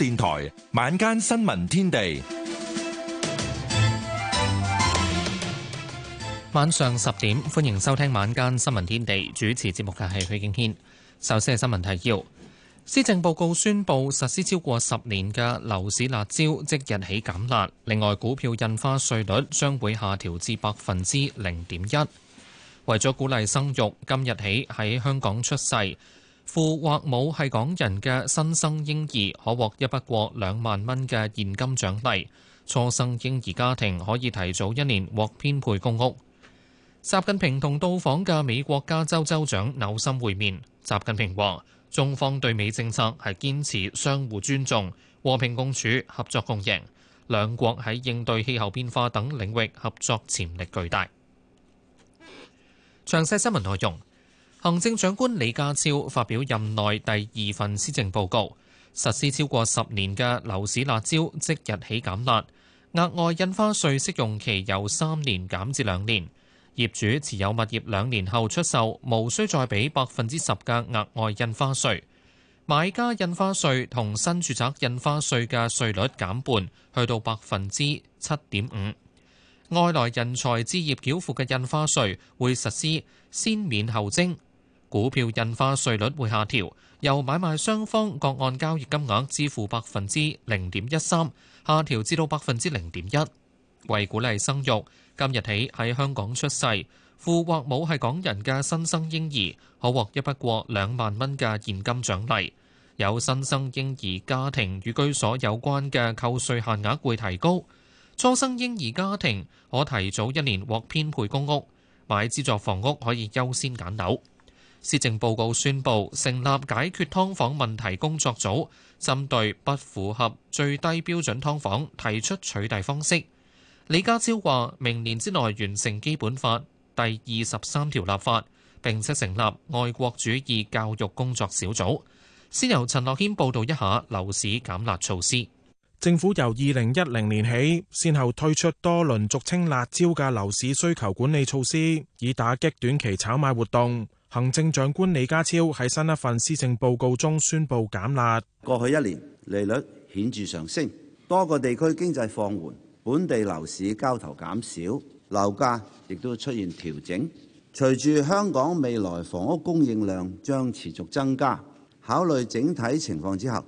電台晚間新聞天地，晚上十點歡迎收聽晚間新聞天地。主持節目嘅係許敬軒。首先係新聞提要：施政報告宣布實施超過十年嘅樓市辣招即日起減辣。另外，股票印花稅率將會下調至百分之零點一。為咗鼓勵生育，今日起喺香港出世。父或母係港人嘅新生嬰兒，可獲一筆過兩萬蚊嘅現金獎勵。初生嬰兒家庭可以提早一年獲編配公屋。習近平同到訪嘅美國加州州長紐森會面。習近平話：中方對美政策係堅持相互尊重、和平共處、合作共贏。兩國喺應對氣候變化等領域合作潛力巨大。詳細新聞內容。行政長官李家超發表任內第二份施政報告，實施超過十年嘅樓市辣招即日起減辣，額外印花稅適用期由三年減至兩年。業主持有物業兩年後出售，無需再俾百分之十嘅額外印花稅。買家印花稅同新住宅印花稅嘅稅率減半，去到百分之七點五。外來人才置業繳付嘅印花稅會實施先免後徵。股票印花稅率會下調，由買賣雙方各按交易金額支付百分之零點一三，下調至到百分之零點一。為鼓勵生育，今日起喺香港出世，父或母係港人嘅新生嬰兒，可獲一筆過兩萬蚊嘅現金獎勵。有新生嬰兒家庭與居所有關嘅扣稅限額會提高，初生嬰兒家庭可提早一年獲編配公屋，買資助房屋可以優先揀樓。施政報告宣佈成立解決劏房問題工作組，針對不符合最低標準劏房提出取締方式。李家超話：明年之內完成《基本法》第二十三條立法，並且成立愛國主義教育工作小組。先由陳樂軒報導一下樓市減辣措施。政府由二零一零年起，先後推出多輪俗稱「辣招」嘅樓市需求管理措施，以打擊短期炒賣活動。行政長官李家超喺新一份施政報告中宣布減壓。過去一年利率顯著上升，多個地區經濟放緩，本地樓市交投減少，樓價亦都出現調整。隨住香港未來房屋供應量將持續增加，考慮整體情況之後，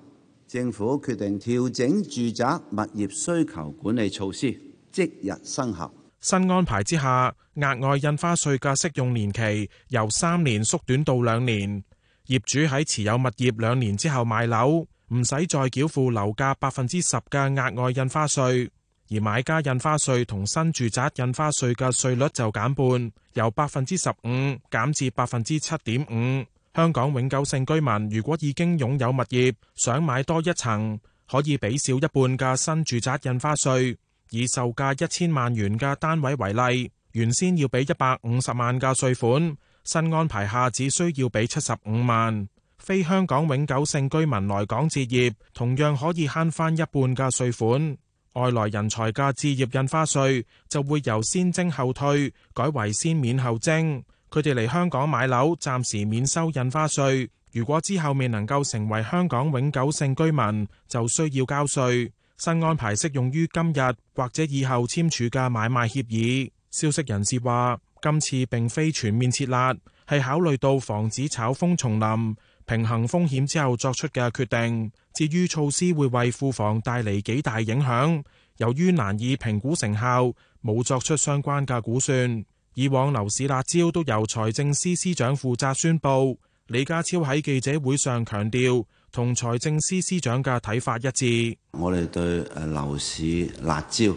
政府決定調整住宅物業需求管理措施，即日生效。新安排之下，額外印花稅嘅適用年期由三年縮短到兩年。業主喺持有物業兩年之後賣樓，唔使再繳付樓價百分之十嘅額外印花稅。而買家印花稅同新住宅印花稅嘅稅率就減半，由百分之十五減至百分之七點五。香港永久性居民如果已經擁有物業，想買多一層，可以俾少一半嘅新住宅印花稅。以售價一千萬元嘅單位為例，原先要俾一百五十萬嘅稅款，新安排下只需要俾七十五萬。非香港永久性居民來港置業，同樣可以慳翻一半嘅稅款。外來人才嘅置業印花稅就會由先徵後退，改為先免後徵。佢哋嚟香港買樓，暫時免收印花稅。如果之後未能夠成為香港永久性居民，就需要交稅。新安排適用於今日或者以後簽署嘅買賣協議。消息人士話，今次並非全面撤辣，係考慮到防止炒風重臨、平衡風險之後作出嘅決定。至於措施會為庫房帶嚟幾大影響，由於難以評估成效，冇作出相關嘅估算。以往樓市辣招都由財政司司長負責宣佈。李家超喺記者會上強調。同財政司司長嘅睇法一致，我哋對誒樓市辣椒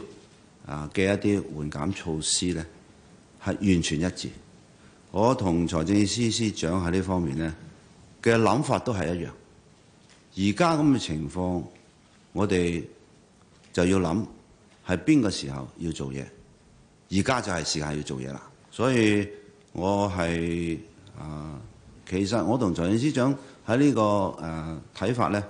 啊嘅一啲緩減措施咧係完全一致。我同財政司司長喺呢方面咧嘅諗法都係一樣。而家咁嘅情況，我哋就要諗係邊個時候要做嘢。而家就係時間要做嘢啦。所以我係啊，其實我同財政司長。喺呢個誒睇法呢，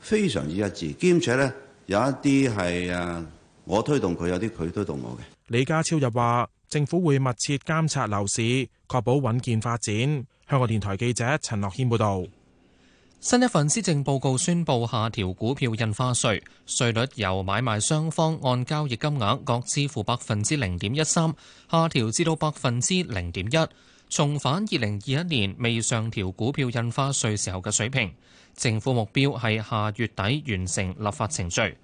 非常之一致，兼且呢，有一啲係誒我推動佢，有啲佢推動我嘅。李家超又話：政府會密切監察樓市，確保穩健發展。香港電台記者陳樂軒報導。新一份施政報告宣布下調股票印花稅，稅率由買賣雙方按交易金額各支付百分之零點一三，下調至到百分之零點一。重返二零二一年未上調股票印花稅時候嘅水平，政府目標係下月底完成立法程序。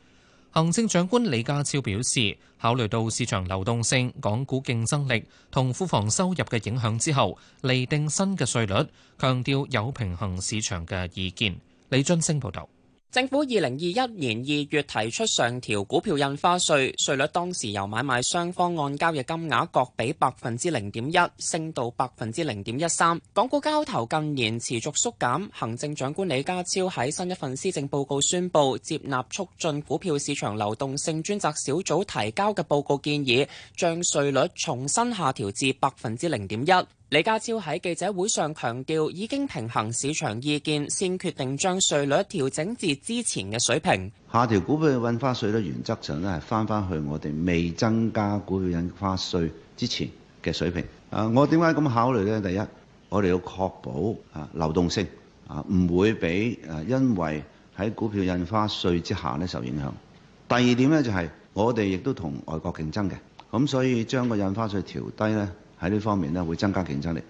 行政長官李家超表示，考慮到市場流動性、港股競爭力同庫房收入嘅影響之後，釐定新嘅稅率，強調有平衡市場嘅意見。李俊升報道。政府二零二一年二月提出上調股票印花稅，稅率當時由買賣雙方按交易金額各俾百分之零點一，升到百分之零點一三。港股交投近年持續縮減，行政長官李家超喺新一份施政報告宣布接納促進股票市場流動性專責小組提交嘅報告建議，將稅率重新下調至百分之零點一。李家超喺記者會上強調，已經平衡市場意見，先決定將稅率調整至之前嘅水平。下調股票印花稅咧，原則上咧係翻翻去我哋未增加股票印花稅之前嘅水平。啊，我點解咁考慮咧？第一，我哋要確保啊流動性啊唔會俾啊因為喺股票印花稅之下咧受影響。第二點咧就係我哋亦都同外國競爭嘅，咁所以將個印花稅調低咧。喺呢方面呢，會增加競爭力。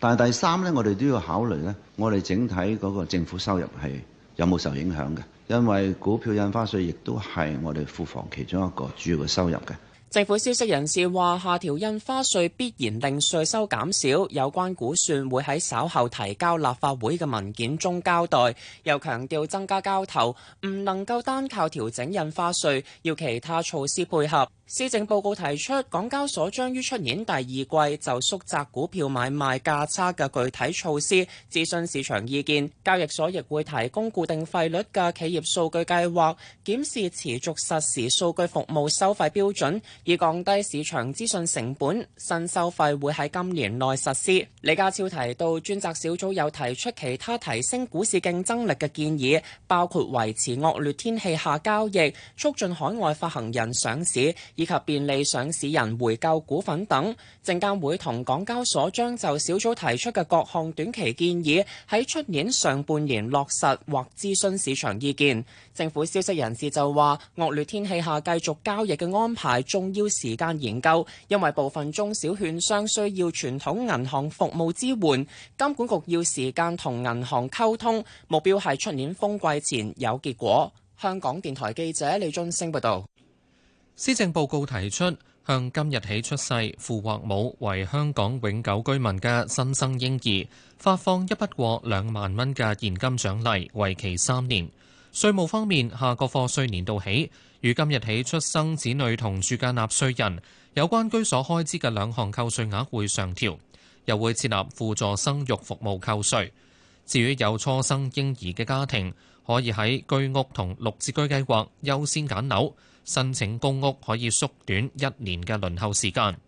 但係第三呢，我哋都要考慮呢，我哋整體嗰個政府收入係有冇受影響嘅？因為股票印花稅亦都係我哋庫房其中一個主要嘅收入嘅。政府消息人士話，下調印花稅必然令稅收減少，有關估算會喺稍後提交立法會嘅文件中交代。又強調增加交投唔能夠單靠調整印花稅，要其他措施配合。施政報告提出，港交所將於出年第二季就縮窄股票買賣價差嘅具體措施，諮詢市場意見。交易所亦會提供固定費率嘅企業數據計劃，檢視持續實時數據服務收費標準，以降低市場資訊成本。新收費會喺今年內實施。李家超提到，專責小組有提出其他提升股市競爭力嘅建議，包括維持惡劣天氣下交易，促進海外發行人上市。以及便利上市公司回購股份等，證監會同港交所將就小組提出嘅各項短期建議喺出年上半年落實或諮詢市場意見。政府消息人士就話惡劣天氣下繼續交易嘅安排，仲要時間研究，因為部分中小券商需要傳統銀行服務支援，金管局要時間同銀行溝通，目標係出年風季前有結果。香港電台記者李俊升報道。施政報告提出，向今日起出世父或母為香港永久居民嘅新生嬰兒發放一筆過兩萬蚊嘅現金獎勵，為期三年。稅務方面，下個課稅年度起，與今日起出生子女同住家納稅人有關居所開支嘅兩項扣稅額會上調，又會設立輔助生育服務扣稅。至於有初生嬰兒嘅家庭，可以喺居屋同綠置居計劃優先揀樓。申請公屋可以縮短一年嘅輪候時間。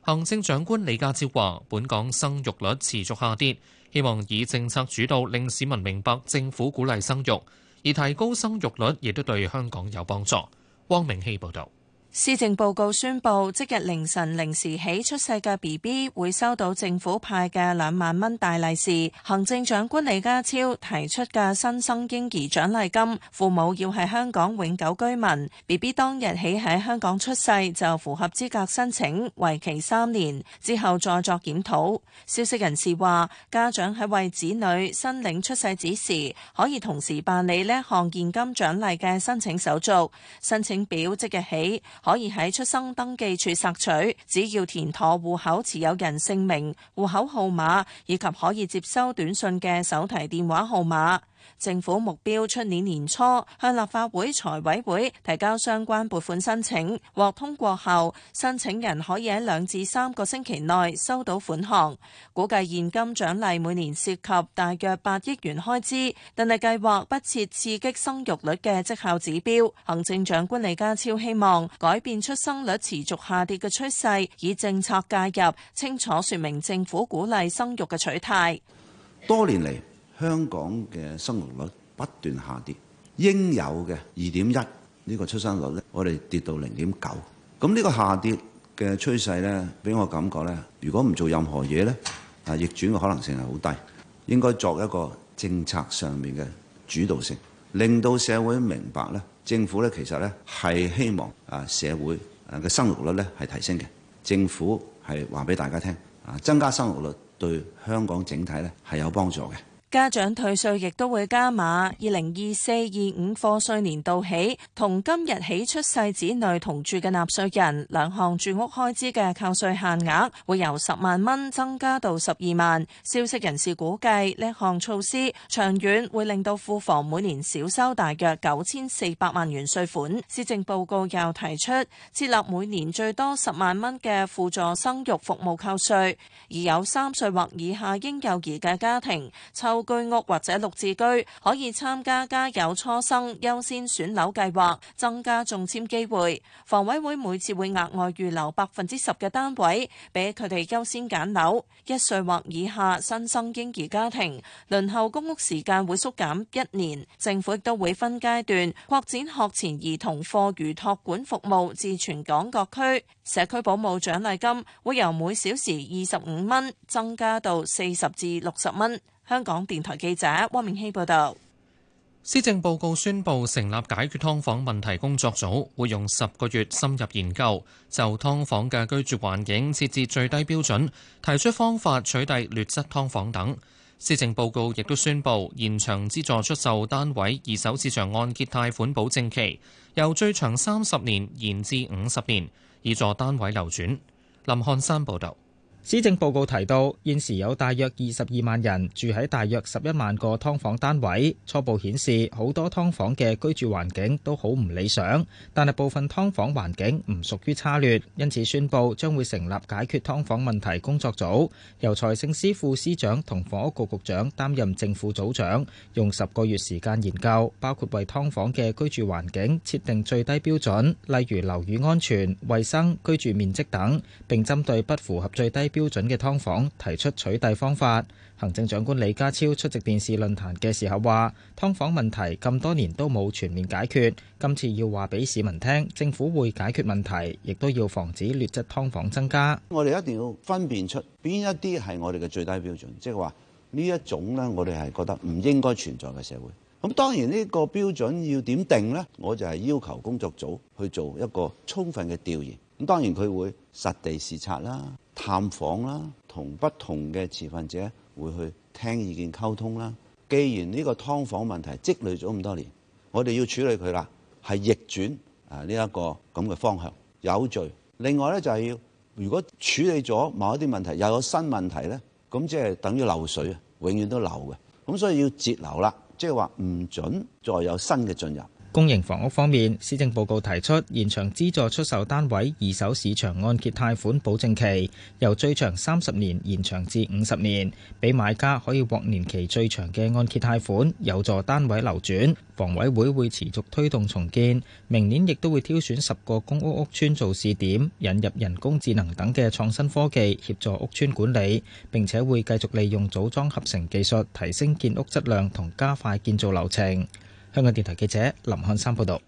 行政長官李家超話，本港生育率持續下跌，希望以政策主導令市民明白政府鼓勵生育，而提高生育率亦都對香港有幫助。汪明希報導。施政報告宣布，即日凌晨零時起出世嘅 B B 會收到政府派嘅兩萬蚊大利是。行政長官李家超提出嘅新生嬰兒獎勵金，父母要喺香港永久居民，B B 當日起喺香港出世就符合資格申請，為期三年，之後再作檢討。消息人士話，家長喺為子女申領出世紙時，可以同時辦理呢項現金獎勵嘅申請手續。申請表即日起可以喺出生登記處索取，只要填妥戶口持有人姓名、戶口號碼以及可以接收短信嘅手提電話號碼。政府目標出年年初向立法會財委會提交相關撥款申請，獲通過後，申請人可以喺兩至三個星期內收到款項。估計現金獎勵每年涉及大約八億元開支，但係計劃不設刺激生育率嘅績效指標。行政長官李家超希望改變出生率持續下跌嘅趨勢，以政策介入，清楚說明政府鼓勵生育嘅取態。多年嚟，香港嘅生育率不斷下跌，應有嘅二點一呢個出生率呢，我哋跌到零點九。咁呢個下跌嘅趨勢呢，俾我感覺呢，如果唔做任何嘢呢，啊逆轉嘅可能性係好低。應該作一個政策上面嘅主導性，令到社會明白呢，政府呢其實呢係希望啊社會啊嘅生育率呢係提升嘅。政府係話俾大家聽啊，增加生育率對香港整體呢係有幫助嘅。家長退稅亦都會加碼，二零二四二五課稅年度起，同今日起出世子女同住嘅納稅人，兩項住屋開支嘅扣稅限額會由十萬蚊增加到十二萬。消息人士估計，呢項措施長遠會令到庫房每年少收大約九千四百萬元稅款。施政報告又提出，設立每年最多十萬蚊嘅輔助生育服務扣稅，而有三歲或以下嬰幼兒嘅家庭抽居屋或者六字居可以參加家有初生優先選樓計劃，增加中簽機會。房委會每次會額外預留百分之十嘅單位，俾佢哋優先揀樓。一歲或以下新生嬰兒家庭輪候公屋時間會縮減一年。政府亦都會分階段擴展學前兒童課餘託管服務至全港各區。社區保姆獎勵金會由每小時二十五蚊增加到四十至六十蚊。香港電台記者汪明希報道，施政報告宣布成立解決㓥房問題工作組，會用十個月深入研究，就㓥房嘅居住環境設置最低標準，提出方法取締劣質㓥房等。施政報告亦都宣布延長資助出售單位二手市場按揭貸款保證期，由最長三十年延至五十年，以助單位流轉。林漢山報道。施政報告提到，現時有大約二十二萬人住喺大約十一萬個劏房單位，初步顯示好多劏房嘅居住環境都好唔理想，但係部分劏房環境唔屬於差劣，因此宣布將會成立解決劏房問題工作組，由財政司副司長同房屋局局長擔任政府組長，用十個月時間研究，包括為劏房嘅居住環境設定最低標準，例如樓宇安全、衛生、居住面積等，並針對不符合最低標準標準嘅劏房提出取締方法。行政長官李家超出席電視論壇嘅時候話，劏房問題咁多年都冇全面解決，今次要話俾市民聽，政府會解決問題，亦都要防止劣質劏房增加。我哋一定要分辨出邊一啲係我哋嘅最低標準，即係話呢一種呢，我哋係覺得唔應該存在嘅社會。咁當然呢個標準要點定呢？我就係要求工作組去做一個充分嘅調研。咁當然佢會實地視察啦。探訪啦，同不同嘅持份者會去聽意見、溝通啦。既然呢個劏房問題積累咗咁多年，我哋要處理佢啦，係逆轉啊呢一個咁嘅方向有序。另外呢，就係、係、要，如果處理咗某一啲問題，又有新問題呢，咁即係等於漏水啊，永遠都漏嘅。咁所以要截流啦，即係話唔準再有新嘅進入。公營房屋方面，施政報告提出延長資助出售單位二手市場按揭貸款保證期，由最長三十年延長至五十年，俾買家可以獲年期最長嘅按揭貸款，有助單位流轉。房委會會持續推動重建，明年亦都會挑選十個公屋屋邨做試點，引入人工智能等嘅創新科技協助屋邨管理，並且會繼續利用組裝合成技術提升建屋質量同加快建造流程。香港電台記者林漢山報道，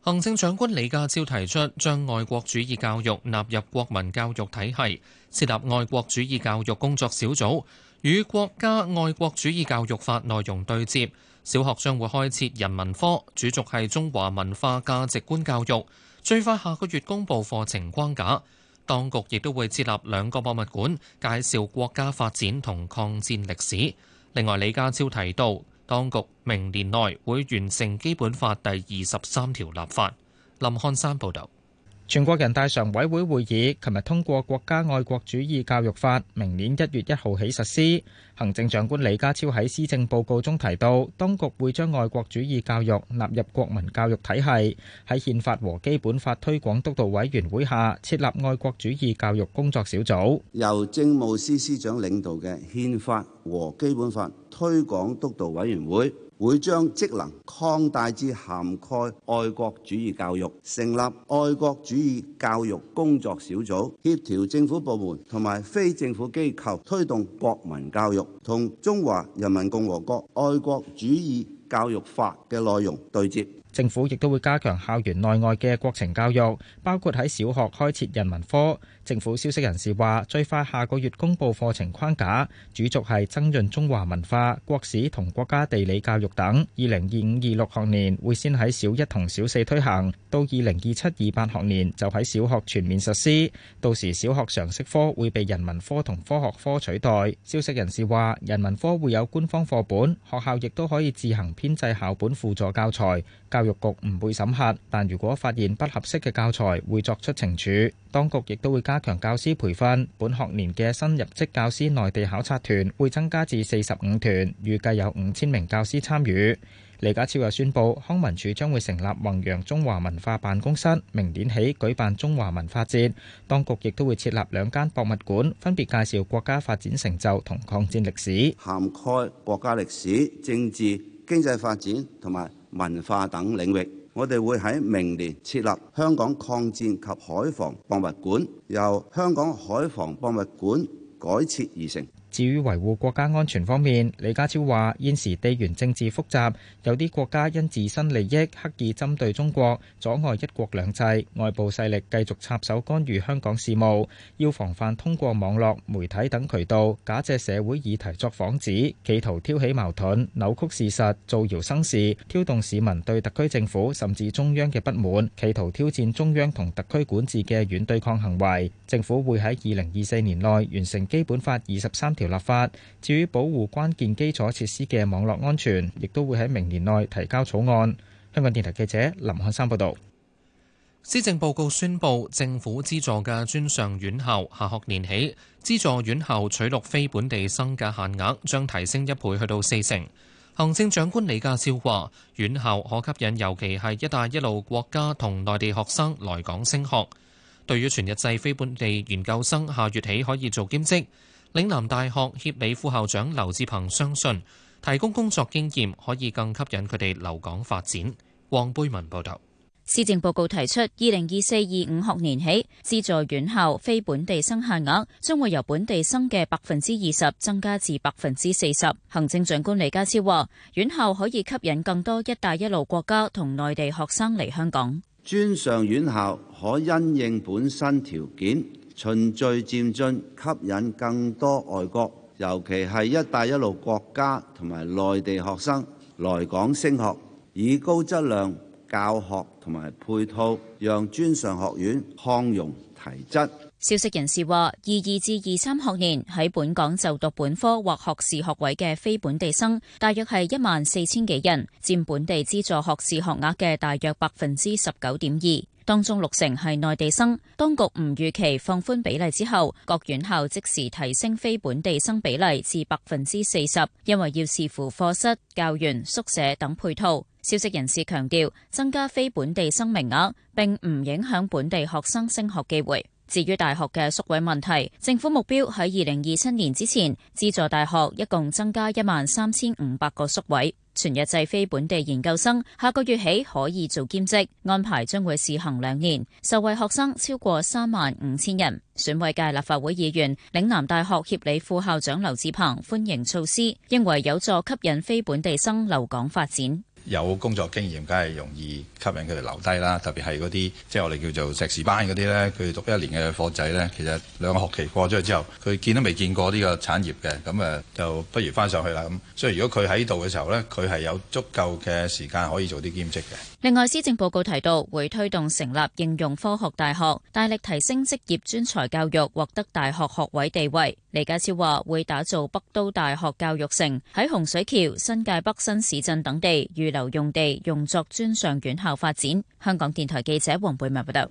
行政長官李家超提出將愛國主義教育納入國民教育體系，設立愛國主義教育工作小組，與國家愛國主義教育法內容對接。小學將會開設人文科，主軸係中華文化價值觀教育，最快下個月公布課程框架。當局亦都會設立兩個博物館，介紹國家發展同抗戰歷史。另外，李家超提到。當局明年內會完成基本法第二十三條立法。林漢山報導。全國人大常委會會議琴日通過國家愛國主義教育法，明年1月1會將職能擴大至涵蓋愛國主義教育，成立愛國主義教育工作小組，協調政府部門同埋非政府機構推動國民教育，同《中華人民共和國愛國主義教育法》嘅內容對接。政府亦都會加強校園內外嘅國情教育，包括喺小學開設人文科。政府消息人士話，最快下個月公布課程框架，主軸係增潤中華文化、國史同國家地理教育等。二零二五、二六學年會先喺小一同小四推行，到二零二七、二八學年就喺小學全面實施。到時小學常識科會被人文科同科學科取代。消息人士話，人文科會有官方課本，學校亦都可以自行編製校本輔助教材。教育局唔會審核，但如果發現不合適嘅教材，會作出懲處。當局亦都會加強教師培訓。本學年嘅新入職教師內地考察團會增加至四十五團，預計有五千名教師參與。李家超又宣布，康文署將會成立弘揚中華文化辦公室，明年起舉辦中華文化節。當局亦都會設立兩間博物館，分別介紹國家發展成就同抗戰歷史，涵蓋國家歷史、政治。經濟發展同埋文化等領域，我哋會喺明年設立香港抗戰及海防博物館，由香港海防博物館改設而成。至於維護國家安全方面，李家超話現時地緣政治複雜，有啲國家因自身利益刻意針對中國，阻礙一國兩制，外部勢力繼續插手干預香港事務，要防範通過網絡媒體等渠道，假借社會議題作幌子，企圖挑起矛盾、扭曲事實、造謠生事，挑動市民對特區政府甚至中央嘅不滿，企圖挑戰中央同特區管治嘅軟對抗行為，政府會喺立法，至於保護關鍵基礎設施嘅網絡安全，亦都會喺明年內提交草案。香港電台記者林漢山報導。施政報告宣布，政府資助嘅專上院校下學年起，資助院校取錄非本地生嘅限額將提升一倍，去到四成。行政長官李家超話，院校可吸引尤其係一帶一路國家同內地學生來港升學。對於全日制非本地研究生，下月起可以做兼職。嶺南大學協理副校長劉志鵬相信，提供工作經驗可以更吸引佢哋留港發展。黃貝文報道。施政報告提出，二零二四二五學年起，資助院校非本地生限額將會由本地生嘅百分之二十增加至百分之四十。行政長官李家超話，院校可以吸引更多一帶一路國家同內地學生嚟香港。專上院校可因應本身條件。循序漸進，吸引更多外國，尤其係一帶一路國家同埋內地學生來港升學，以高質量教學同埋配套，讓專上學院擴容提質。消息人士話，二二至二三學年喺本港就讀本科或學士學位嘅非本地生，大約係一萬四千幾人，佔本地資助學士學額嘅大約百分之十九點二。當中六成係內地生，當局唔預期放寬比例之後，各院校即時提升非本地生比例至百分之四十，因為要視乎課室、教員、宿舍等配套。消息人士強調，增加非本地生名額並唔影響本地學生升學機會。至於大學嘅宿位問題，政府目標喺二零二七年之前，資助大學一共增加一萬三千五百個宿位。全日制非本地研究生下個月起可以做兼職安排，將會試行兩年，受惠學生超過三萬五千人。選委界立法會議員，嶺南大學協理副校長劉智鵬歡迎措施，認為有助吸引非本地生留港發展。有工作經驗，梗係容易吸引佢哋留低啦。特別係嗰啲，即係我哋叫做碩士班嗰啲呢，佢讀一年嘅課仔呢，其實兩個學期過咗去之後，佢見都未見過呢個產業嘅，咁誒就不如翻上去啦。咁所以如果佢喺度嘅時候呢，佢係有足夠嘅時間可以做啲兼職嘅。另外，施政報告提到會推動成立應用科學大學，大力提升職業專才教育，獲得大學學位地位。李家超話會打造北都大學教育城，喺洪水橋、新界北新市鎮等地預留。由用地用作專上院校發展。香港電台記者黃貝文報道，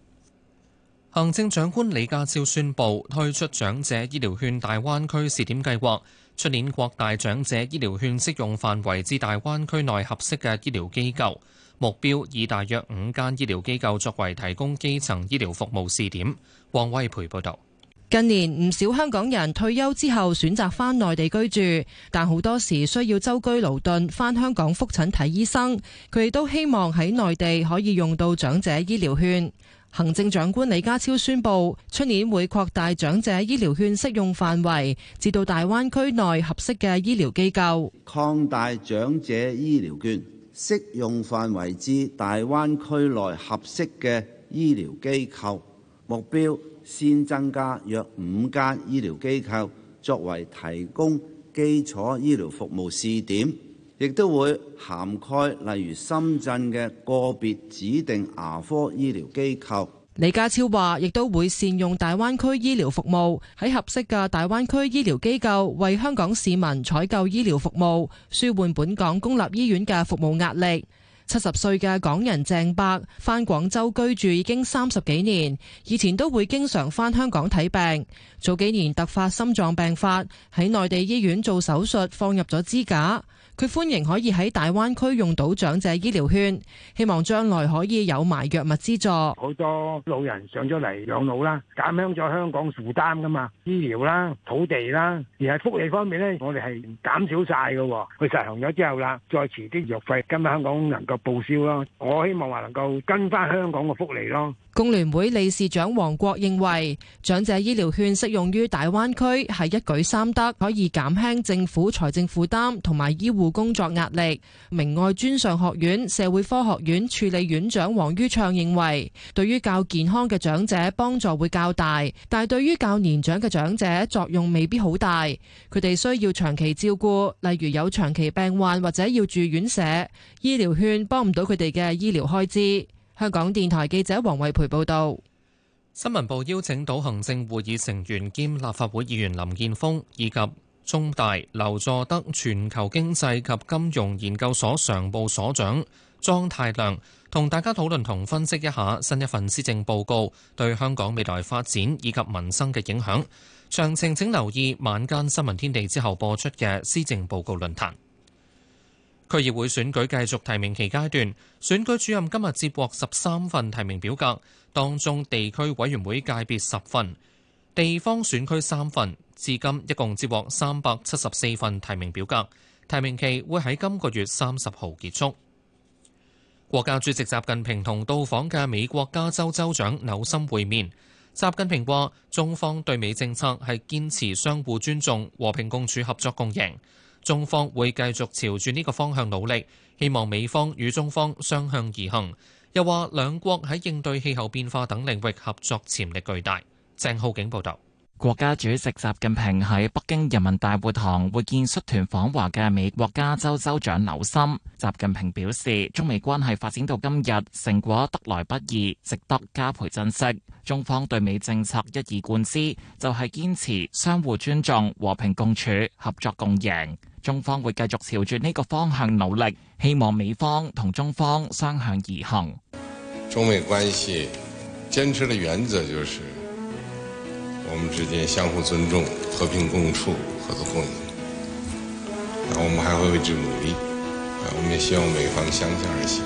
行政長官李家超宣布推出長者醫療券大灣區試點計劃。出年擴大長者醫療券適用範圍至大灣區內合適嘅醫療機構，目標以大約五間醫療機構作為提供基層醫療服務試點。王威培報道。近年唔少香港人退休之後選擇返內地居住，但好多時需要周居勞頓，返香港覆診睇醫生。佢哋都希望喺內地可以用到長者醫療券。行政長官李家超宣布，出年會擴大長者醫療券適用範圍，至到大灣區內合適嘅醫療機構。擴大長者醫療券適用範圍至大灣區內合適嘅醫療機構。目標先增加約五間醫療機構作為提供基礎醫療服務試點，亦都會涵蓋例如深圳嘅個別指定牙科醫療機構。李家超話：亦都會善用大灣區醫療服務，喺合適嘅大灣區醫療機構為香港市民採購醫療服務，舒緩本港公立醫院嘅服務壓力。七十歲嘅港人鄭伯返廣州居住已經三十幾年，以前都會經常返香港睇病。早幾年突發心臟病發，喺內地醫院做手術，放入咗支架。佢歡迎可以喺大灣區用到長者醫療券，希望將來可以有埋藥物資助。好多老人上咗嚟養老啦，減輕咗香港負擔噶嘛，醫療啦、土地啦，而係福利方面咧，我哋係減少晒㗎。佢實行咗之後啦，再遲啲藥費今日香港能夠報銷咯。我希望話能夠跟翻香港嘅福利咯。工聯會理事長黃國認為，長者醫療券適用於大灣區，係一舉三得，可以減輕政府財政負擔同埋醫護工作壓力。明愛專上學院社會科學院助理院長黃於暢認為，對於較健康嘅長者幫助會較大，但係對於較年長嘅長者作用未必好大。佢哋需要長期照顧，例如有長期病患或者要住院舍，醫療券幫唔到佢哋嘅醫療開支。香港電台記者黃慧培報道，新聞部邀請到行政會議成員兼立法會議員林健鋒，以及中大劉佐德全球經濟及金融研究所常務所長莊太量同大家討論同分析一下新一份施政報告對香港未來發展以及民生嘅影響。詳情請留意晚間新聞天地之後播出嘅施政報告論壇。區議會選舉繼續提名期階段，選舉主任今日接獲十三份提名表格，當中地區委員會界別十份，地方選區三份，至今一共接獲三百七十四份提名表格。提名期會喺今個月三十號結束。國家主席習近平同到訪嘅美國加州州長紐森會面，習近平話：中方對美政策係堅持相互尊重、和平共處、合作共贏。中方會繼續朝住呢個方向努力，希望美方與中方雙向而行。又話兩國喺應對氣候變化等領域合作潛力巨大。鄭浩景報導。國家主席習近平喺北京人民大會堂會見率團訪華嘅美國加州州長紐森。習近平表示，中美關係發展到今日成果得來不易，值得加倍珍惜。中方對美政策一以貫之，就係、是、堅持相互尊重、和平共處、合作共贏。中方會繼續朝住呢個方向努力，希望美方同中方相向而行。中美關係堅持的原則就是，我們之間相互尊重、和平共處、合作共贏。我們還會為之努力。我們也希望美方相向而行。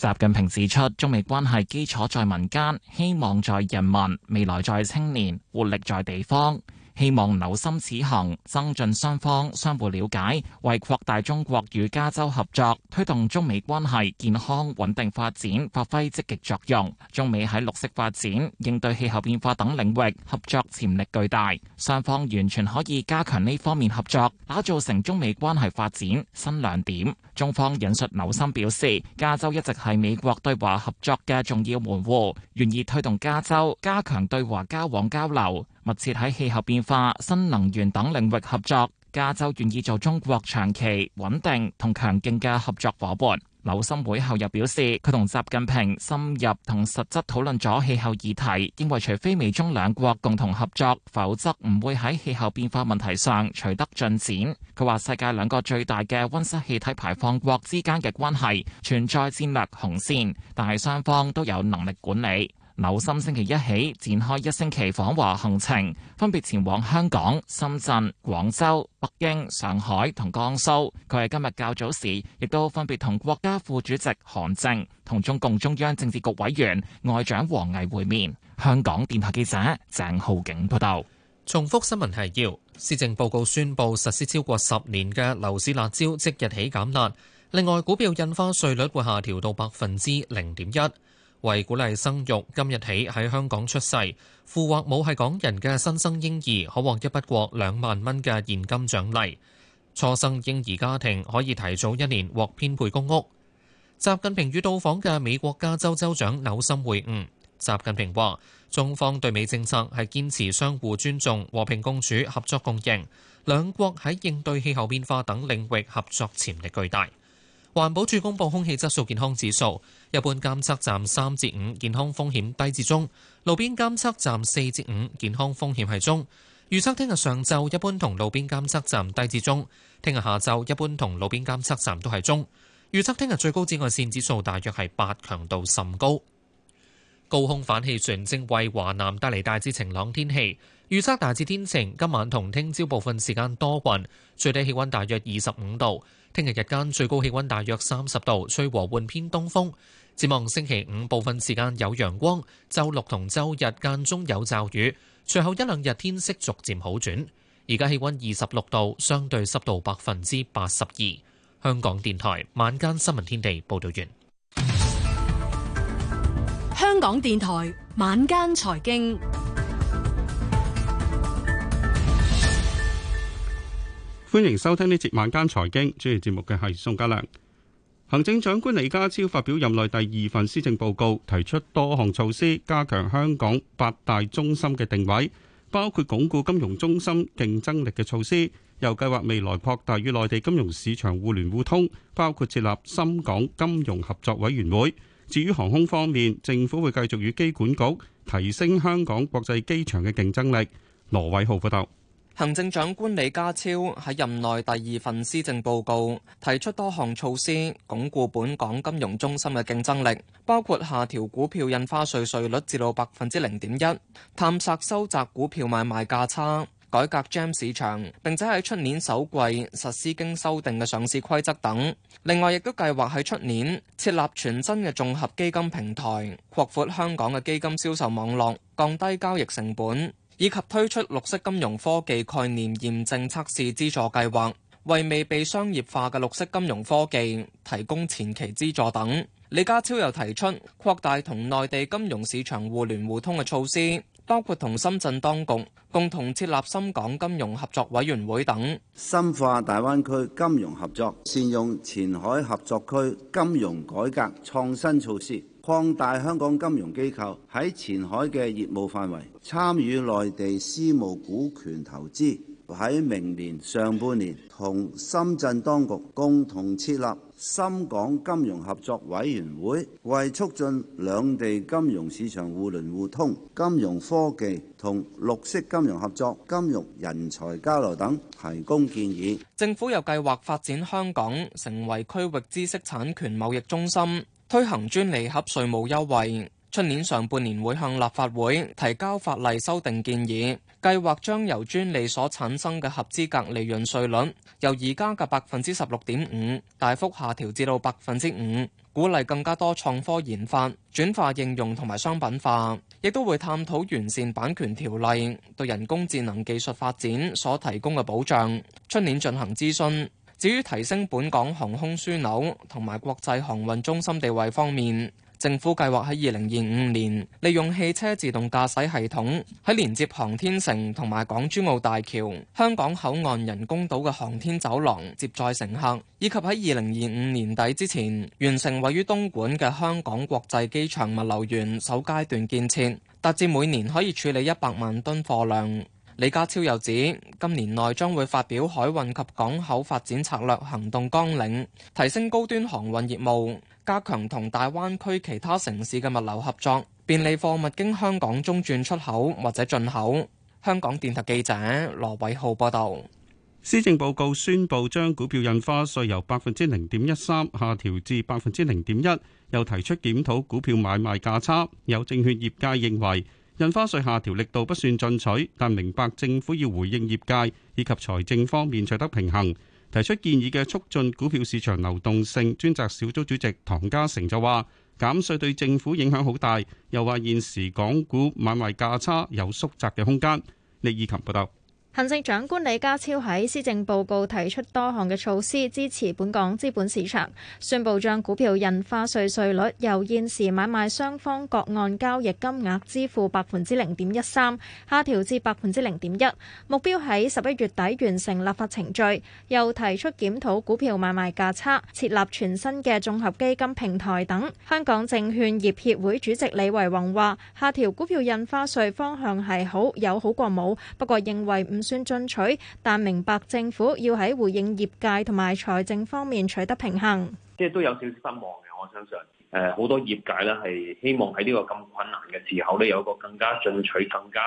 習近平指出，中美關係基礎在民間，希望在人民，未來在青年，活力在地方。希望紐森此行增進雙方相互了解，為擴大中國與加州合作、推動中美關係健康穩定發展發揮積極作用。中美喺綠色發展、應對氣候變化等領域合作潛力巨大，雙方完全可以加強呢方面合作，打造成中美關係發展新亮點。中方引述紐森表示：加州一直係美國對華合作嘅重要門戶，願意推動加州加強對華交往交流。密切喺氣候變化、新能源等領域合作，加州願意做中國長期穩定同強勁嘅合作夥伴。紐森會後又表示，佢同習近平深入同實質討論咗氣候議題，認為除非美中兩國共同合作，否則唔會喺氣候變化問題上取得進展。佢話世界兩個最大嘅溫室氣體排放國之間嘅關係存在戰略紅線，但係雙方都有能力管理。紐森星期一起展開一星期訪華行程，分別前往香港、深圳、廣州、北京、上海同江蘇。佢喺今日較早時亦都分別同國家副主席韓正同中共中央政治局委員外長王毅會面。香港電台記者鄭浩景報道。重複新聞提要：施政報告宣布實施超過十年嘅樓市辣招，即日起減辣。另外，股票印花稅率會下調到百分之零點一。為鼓勵生育，今日起喺香港出世、父或母係港人嘅新生嬰兒，可獲一筆過兩萬蚊嘅現金獎勵。初生嬰兒家庭可以提早一年獲編配公屋。習近平與到訪嘅美國加州州長紐森會晤。習近平話：中方對美政策係堅持相互尊重、和平共處、合作共贏。兩國喺應對氣候變化等領域合作潛力巨大。環保署公布空氣質素健康指數，一般監測站三至五，健康風險低至中。路邊監測站四至五，健康風險係中。預測聽日上晝一般同路邊監測站低至中，聽日下晝一般同路邊監測站都係中。預測聽日最高紫外線指數大約係八，強度甚高。高空反氣旋正為華南帶嚟大致晴朗天氣，預測大致天晴。今晚同聽朝部分時間多雲，最低氣溫大約二十五度。聽日日間最高氣溫大約三十度，吹和緩偏東風。展望星期五部分時間有陽光，周六同周日間中有驟雨，隨後一兩日天色逐漸好轉。而家氣溫二十六度，相對濕度百分之八十二。香港電台晚間新聞天地報道完。香港電台晚間財經。歡迎收聽呢節晚間財經，主持節目嘅係宋家良。行政長官李家超發表任內第二份施政報告，提出多項措施加強香港八大中心嘅定位，包括鞏固金融中心競爭力嘅措施，又計劃未來擴大與內地金融市場互聯互通，包括設立深港金融合作委員會。至於航空方面，政府會繼續與機管局提升香港國際機場嘅競爭力。羅偉浩報道。行政長官李家超喺任內第二份施政報告提出多項措施，鞏固本港金融中心嘅競爭力，包括下調股票印花稅稅率至到百分之零點一，探索收窄股票買賣價差，改革 GEM 市場，並且喺出年首季實施經修訂嘅上市規則等。另外，亦都計劃喺出年設立全新嘅綜合基金平台，擴闊香港嘅基金銷售網絡，降低交易成本。以及推出綠色金融科技概念驗證測試資助計劃，為未被商業化嘅綠色金融科技提供前期資助等。李家超又提出擴大同內地金融市場互聯互通嘅措施，包括同深圳當局共同設立深港金融合作委員會等，深化大灣區金融合作，善用前海合作區金融改革創新措施。擴大香港金融機構喺前海嘅業務範圍，參與內地私募股權投資；喺明年上半年同深圳當局共同設立深港金融合作委員會，為促進兩地金融市場互聯互通、金融科技同綠色金融合作、金融人才交流等提供建議。政府又計劃發展香港成為區域知識產權貿易中心。推行專利盒稅務優惠，出年上半年會向立法會提交法例修訂建議，計劃將由專利所產生嘅合資格利潤稅率，由而家嘅百分之十六點五大幅下調至到百分之五，鼓勵更加多創科研發轉化應用同埋商品化，亦都會探討完善版權條例對人工智能技術發展所提供嘅保障，出年進行諮詢。至於提升本港航空樞紐同埋國際航運中心地位方面，政府計劃喺二零二五年利用汽車自動駕駛系統喺連接航天城同埋港珠澳大橋、香港口岸人工島嘅航天走廊接載乘客，以及喺二零二五年底之前完成位於東莞嘅香港國際機場物流園首階段建設，達至每年可以處理一百萬噸貨量。李家超又指，今年內將會發表海運及港口發展策略行動綱領，提升高端航運業務，加強同大灣區其他城市嘅物流合作，便利貨物經香港中轉出口或者進口。香港電台記者羅偉浩報道。施政報告宣布將股票印花稅由百分之零點一三下調至百分之零點一，又提出檢討股票買賣價差。有證券業界認為，印花稅下調力度不算進取，但明白政府要回應業界以及財政方面取得平衡，提出建議嘅促進股票市場流動性專責小組主席唐家成就話：減稅對政府影響好大，又話現時港股買賣價差有縮窄嘅空間。李義勤報道。行政長官李家超喺施政報告提出多項嘅措施支持本港資本市場，宣布將股票印花稅稅率由現時買賣雙方各按交易金額支付百分之零點一三，下調至百分之零點一，目標喺十一月底完成立法程序，又提出檢討股票買賣價差，設立全新嘅綜合基金平台等。香港證券業協會主席李維宏話，下調股票印花稅方向係好，有好過冇，不過認為唔算進取，但明白政府要喺回應業界同埋財政方面取得平衡，即係都有少少失望嘅。我相信誒好多業界咧係希望喺呢個咁困難嘅時候咧有個更加進取、更加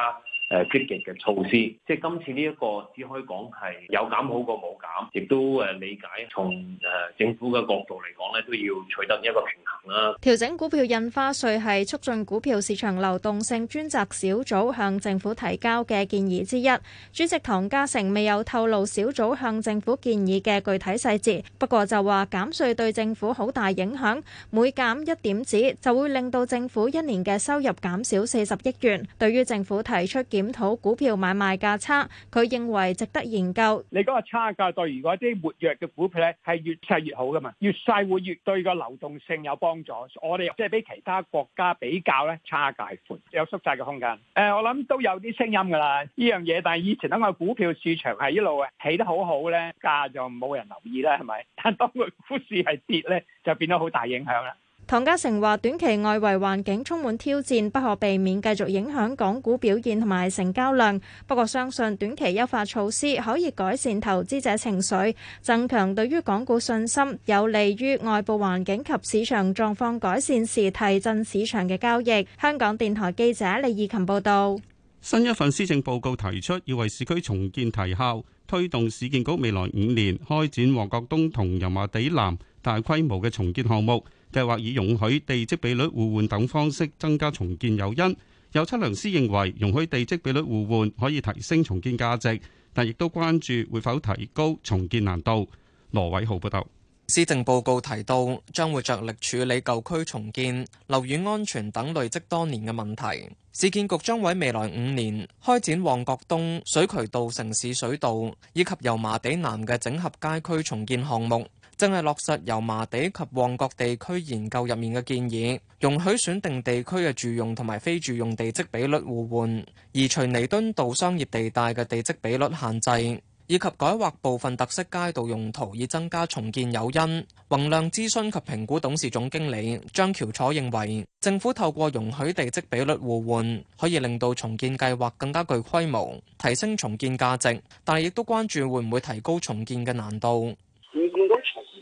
誒積極嘅措施，即係今次呢一個只可以講係有減好過冇減，亦都誒理解從誒政府嘅角度嚟講咧，都要取得一個平衡啦。調整股票印花稅係促進股票市場流動性專責小組向政府提交嘅建議之一。主席唐家成未有透露小組向政府建議嘅具體細節，不過就話減稅對政府好大影響，每減一點子就會令到政府一年嘅收入減少四十億元。對於政府提出。檢討股票買賣價差，佢認為值得研究。你嗰個差價對如果啲活躍嘅股票咧係越細越好噶嘛，越細會越對個流動性有幫助。我哋即係俾其他國家比較咧，差價寬有縮窄嘅空間。誒，我諗都有啲聲音噶啦，呢樣嘢。但係以前因為股票市場係一路起得好好咧，價就冇人留意啦，係咪？但係當佢股市係跌咧，就變咗好大影響啦。唐家成話：短期外圍環境充滿挑戰，不可避免繼續影響港股表現同埋成交量。不過，相信短期優化措施可以改善投資者情緒，增強對於港股信心，有利於外部環境及市場狀況改善時提振市場嘅交易。香港電台記者李以琴報道。新一份施政報告提出要為市區重建提效，推動市建局未來五年開展旺角東同油麻地南大規模嘅重建項目。計劃以容許地積比率互換等方式增加重建誘因。有測量師認為容許地積比率互換可以提升重建價值，但亦都關注會否提高重建難度。羅偉浩報道，施政報告提到將會着力處理舊區重建、樓宇安全等累積多年嘅問題。市建局將喺未來五年開展旺角東水渠道、城市水道以及油麻地南嘅整合街區重建項目。正係落實油麻地及旺角地區研究入面嘅建議，容許選定地區嘅住用同埋非住用地積比率互換，移除彌敦道商業地帶嘅地積比率限制，以及改劃部分特色街道用途以增加重建誘因。宏亮諮詢及評估董事總經理張喬楚認為，政府透過容許地積比率互換，可以令到重建計劃更加具規模，提升重建價值，但係亦都關注會唔會提高重建嘅難度。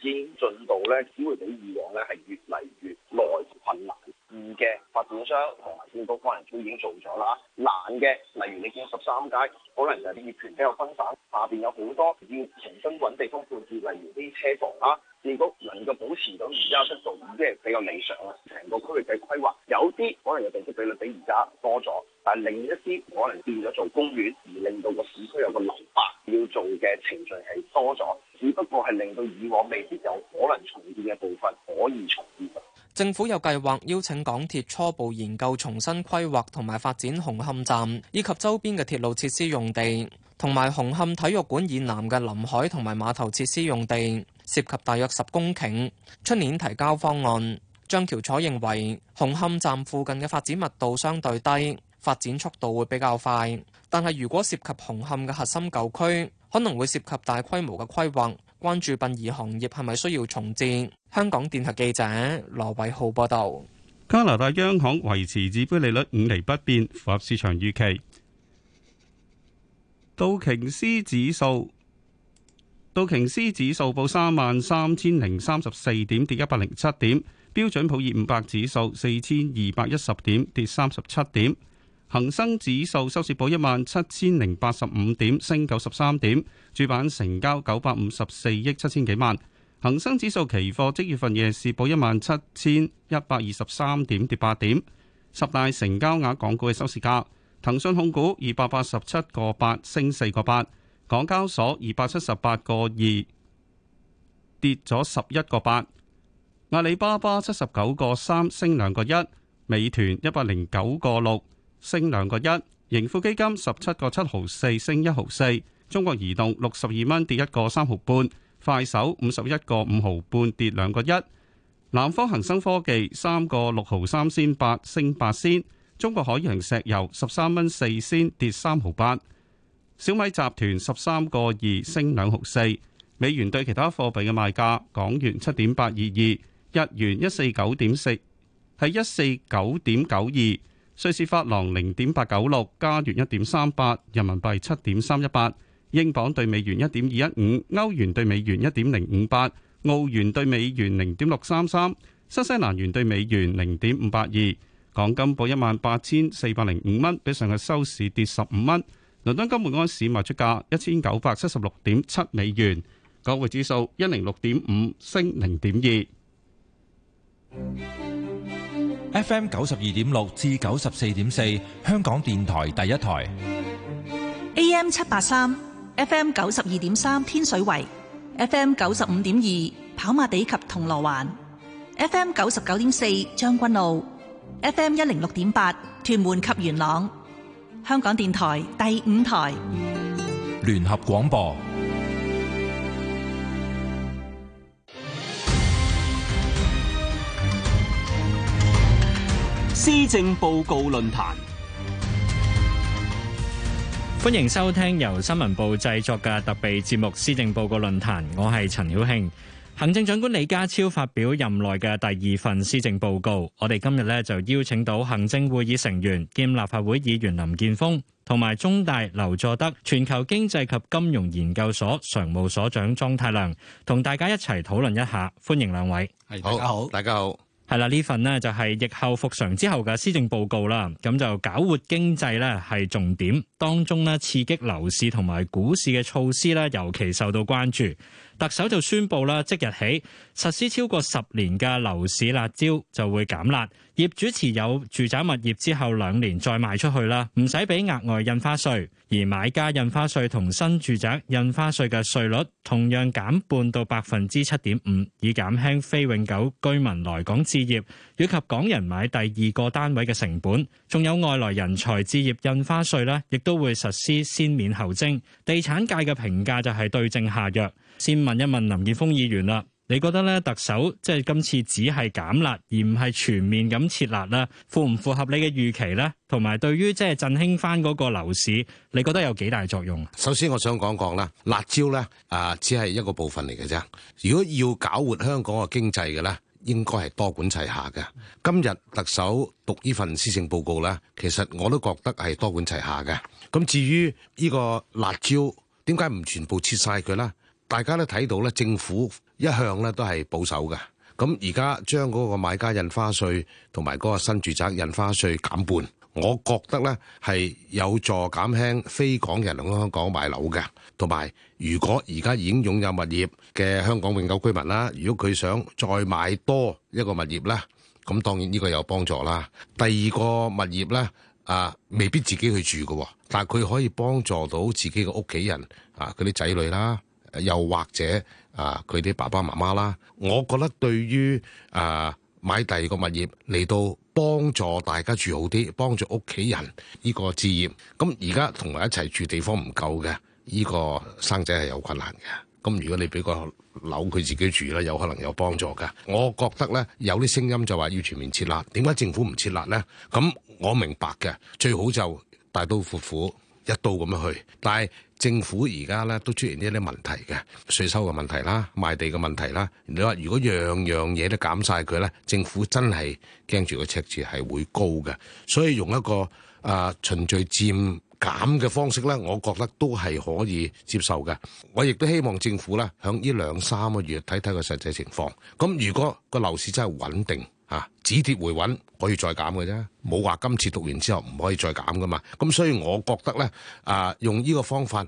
已經進度咧，只會比以往咧係越嚟越耐困難。易嘅發展商同埋建築方人可能已經做咗啦。難嘅，例如你見十三街，可能就業權比較分散，下邊有好多要重新揾地方配置，例如啲車房啦。如果能夠保持到而家尺度，已經係比較理想啦。成個區域嘅規劃有啲可能嘅地積比率比而家多咗，但另一啲可能變咗做公園，而令到個市區有個留白，要做嘅程序係多咗。只不過係令到以往未必有可能重建嘅部分可以重建。政府有計劃邀請港鐵初步研究重新規劃同埋發展紅磡站以及周邊嘅鐵路設施用地。同埋紅磡體育館以南嘅臨海同埋碼頭設施用地，涉及大約十公頃。出年提交方案，張橋楚認為紅磡站附近嘅發展密度相對低，發展速度會比較快。但係如果涉及紅磡嘅核心舊區，可能會涉及大規模嘅規劃。關注殯儀行業係咪需要重置？香港電台記者羅偉浩報道。加拿大央行維持指標利率五厘不變，符合市場預期。道瓊斯指數，道瓊斯指數報三萬三千零三十四點，跌一百零七點。標準普爾五百指數四千二百一十點，跌三十七點。恒生指數收市報一萬七千零八十五點，升九十三點。主板成交九百五十四億七千幾萬。恒生指數期貨即月份夜市報一萬七千一百二十三點，跌八點。十大成交額港股嘅收市價。騰訊控股二百八十七個八升四個八，港交所二百七十八個二跌咗十一個八，阿里巴巴七十九個三升兩個一，美團一百零九個六升兩個一，盈富基金十七個七毫四升一毫四，中國移動六十二蚊跌一個三毫半，快手五十一個五毫半跌兩個一，南方恒生科技三個六毫三先八升八先。中國海洋石油十三蚊四仙跌三毫八，小米集團十三個二升兩毫四，美元對其他貨幣嘅賣價：港元七點八二二，日元一四九點四，係一四九點九二，瑞士法郎零點八九六，加元一點三八，人民幣七點三一八，英鎊對美元一點二一五，歐元對美元一點零五八，澳元對美元零點六三三，新西蘭元對美元零點五八二。港金報一萬八千四百零五蚊，比上日收市跌十五蚊。倫敦金每安士賣出價一千九百七十六點七美元，港匯指數一零六點五升零點二。3, F.M. 九十二點六至九十四點四，香港電台第一台。A.M. 七八三，F.M. 九十二點三，天水圍；F.M. 九十五點二，跑馬地及銅鑼灣；F.M. 九十九點四，將軍澳。FM 一零六點八，屯門及元朗，香港電台第五台，聯合廣播，施政報告論壇，歡迎收聽由新聞部製作嘅特備節目《施政報告論壇》，我係陳曉慶。行政長官李家超發表任內嘅第二份施政報告，我哋今日咧就邀請到行政會議成員兼立法會議員林健鋒，同埋中大劉佐德、全球經濟及金融研究所常務所長莊太良，同大家一齊討論一下。歡迎兩位好，了大家好，大家好，係啦，呢份呢，就係疫後復常之後嘅施政報告啦。咁就搞活經濟呢，係重點，當中呢，刺激樓市同埋股市嘅措施呢，尤其受到關注。特首就宣布啦，即日起實施超過十年嘅樓市辣招就會減辣。業主持有住宅物業之後兩年再賣出去啦，唔使俾額外印花稅。而買家印花稅同新住宅印花稅嘅稅率同樣減半到百分之七點五，以減輕非永久居民來港置業以及港人買第二個單位嘅成本。仲有外來人才置業印花稅咧，亦都會實施先免後徵。地產界嘅評價就係對症下藥。先問一問林健鋒議員啦，你覺得咧特首即係今次只係減辣而唔係全面咁撤辣咧，符唔符合你嘅預期咧？同埋對於即係振興翻嗰個樓市，你覺得有幾大作用啊？首先我想講講啦，辣招咧啊，只係一個部分嚟嘅啫。如果要搞活香港嘅經濟嘅咧，應該係多管齊下嘅。今日特首讀呢份施政報告咧，其實我都覺得係多管齊下嘅。咁至於呢個辣招點解唔全部切晒佢啦？大家都睇到咧，政府一向咧都係保守嘅。咁而家將嗰個買家印花稅同埋嗰個新住宅印花稅減半，我覺得咧係有助減輕非港人嚟香港買樓嘅。同埋，如果而家已經擁有物業嘅香港永久居民啦，如果佢想再買多一個物業啦，咁當然呢個有幫助啦。第二個物業咧啊，未必自己去住嘅，但係佢可以幫助到自己嘅屋企人啊，嗰啲仔女啦。又或者啊，佢、呃、啲爸爸媽媽啦，我覺得對於啊、呃、買第二個物業嚟到幫助大家住好啲，幫助屋企人呢個置業，咁而家同埋一齊住地方唔夠嘅，呢、這個生仔係有困難嘅。咁如果你俾個樓佢自己住咧，有可能有幫助嘅。我覺得呢，有啲聲音就話要全面撤辣，點解政府唔撤辣呢？咁我明白嘅，最好就大刀闊斧。一刀咁樣去，但係政府而家咧都出現呢啲問題嘅，稅收嘅問題啦，賣地嘅問題啦。你話如果樣樣嘢都減晒佢咧，政府真係驚住個赤字係會高嘅，所以用一個啊、呃、循序漸減嘅方式咧，我覺得都係可以接受嘅。我亦都希望政府咧響呢兩三個月睇睇個實際情況。咁如果個樓市真係穩定。啊，止跌回穩可以再減嘅啫，冇話今次讀完之後唔可以再減㗎嘛。咁所以我覺得咧，啊，用呢個方法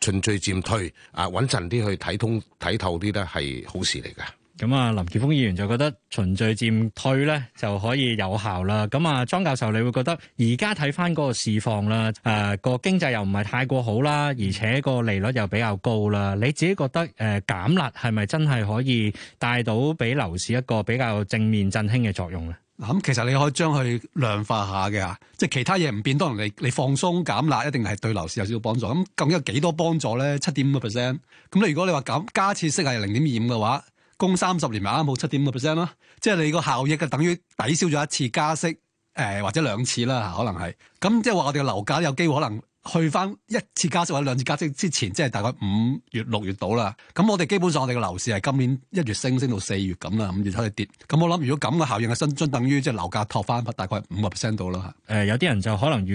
循序漸退，啊，穩陣啲去睇通睇透啲咧，係好事嚟嘅。咁啊，林健鋒議員就覺得循序漸退咧，就可以有效啦。咁啊，莊教授，你會覺得而家睇翻嗰個市況啦，誒、呃、個經濟又唔係太過好啦，而且個利率又比較高啦。你自己覺得誒減辣係咪真係可以帶到俾樓市一個比較正面振興嘅作用咧？嗱，咁其實你可以將佢量化下嘅，即係其他嘢唔變，當然你你放鬆減辣一定係對樓市有少少幫助。咁究竟有幾多幫助咧？七點五個 percent。咁你如果你話減加一次息係零點二五嘅話，供三十年咪啱好七點五個 percent 咯，即係你個效益就等於抵消咗一次加息，誒、呃、或者兩次啦，可能係，咁即係話我哋嘅樓價有機會可能去翻一次加息或者兩次加息之前，即係大概五月六月到啦。咁我哋基本上我哋嘅樓市係今年一月升升到四月咁啦，五月開始跌。咁我諗如果咁嘅效應嘅新增，等於即係樓價托翻大概五個 percent 到啦。誒、呃，有啲人就可能